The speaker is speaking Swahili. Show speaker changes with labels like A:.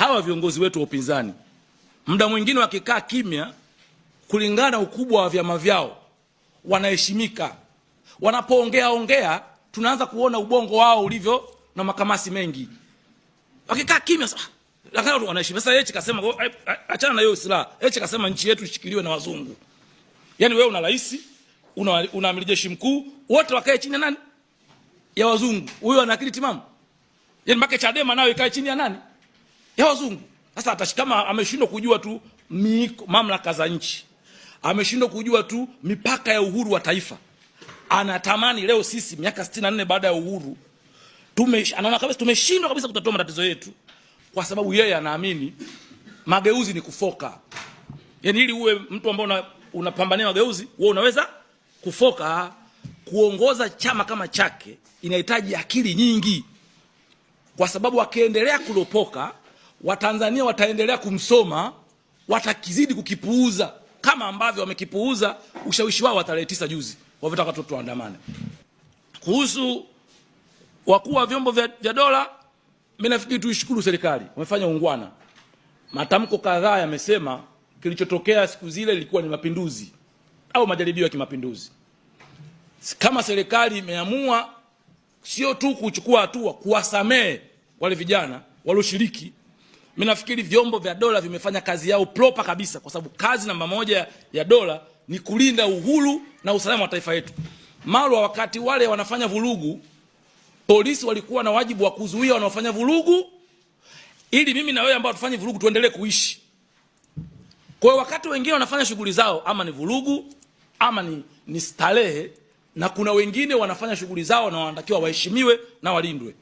A: hawa viongozi wetu wa upinzani muda mwingine wakikaa kimya, kulingana ukubwa wa vyama vyao, wanaheshimika. Wanapoongea ongea, tunaanza kuona ubongo wao ulivyo na makamasi mengi. Wakikaa kimya lakini wanaheshimika. Sasa Heche kasema, oh, eh, eh, achana na hiyo silaha. Heche kasema nchi yetu ishikiliwe na wazungu. Yani wewe una rais, una una amiri jeshi mkuu, wote wakae chini ya nani? Ya wazungu. Huyo ana akili timamu? Yani make Chadema nayo ikae chini ya nani? ya wazungu. Sasa atakama ameshindwa kujua tu miiko, mamlaka za nchi, ameshindwa kujua tu mipaka ya uhuru wa taifa, anatamani leo sisi miaka 64 baada ya uhuru tume, anaona kabisa tumeshindwa kabisa kutatua matatizo yetu, kwa sababu yeye anaamini mageuzi ni kufoka. Yani ili uwe mtu ambaye una, unapambania mageuzi, wewe unaweza kufoka. Kuongoza chama kama chake inahitaji akili nyingi, kwa sababu akiendelea kulopoka Watanzania wataendelea kumsoma, watakizidi kukipuuza kama ambavyo wamekipuuza ushawishi wao wa tarehe tisa juzi walivyotaka watu waandamane. Kuhusu wakuu wa vyombo vya, vya dola, mimi nafikiri tuishukuru serikali, wamefanya ungwana. Matamko kadhaa yamesema kilichotokea siku zile ilikuwa ni mapinduzi au majaribio ya kimapinduzi. Kama serikali imeamua sio tu kuchukua hatua kuwasamehe wale vijana walioshiriki mimi nafikiri vyombo vya dola vimefanya kazi yao proper kabisa, kwa sababu kazi namba moja ya dola ni kulinda uhuru na usalama wa taifa letu. Marwa, wakati wale wanafanya vurugu, polisi walikuwa na wajibu wa kuzuia wanaofanya vurugu, ili mimi na wewe ambao tufanye vurugu tuendelee kuishi. Kwa hiyo wakati wengine wanafanya shughuli zao, ama ni vurugu ama ni, ni starehe, na kuna wengine wanafanya shughuli zao na wanatakiwa waheshimiwe na walindwe.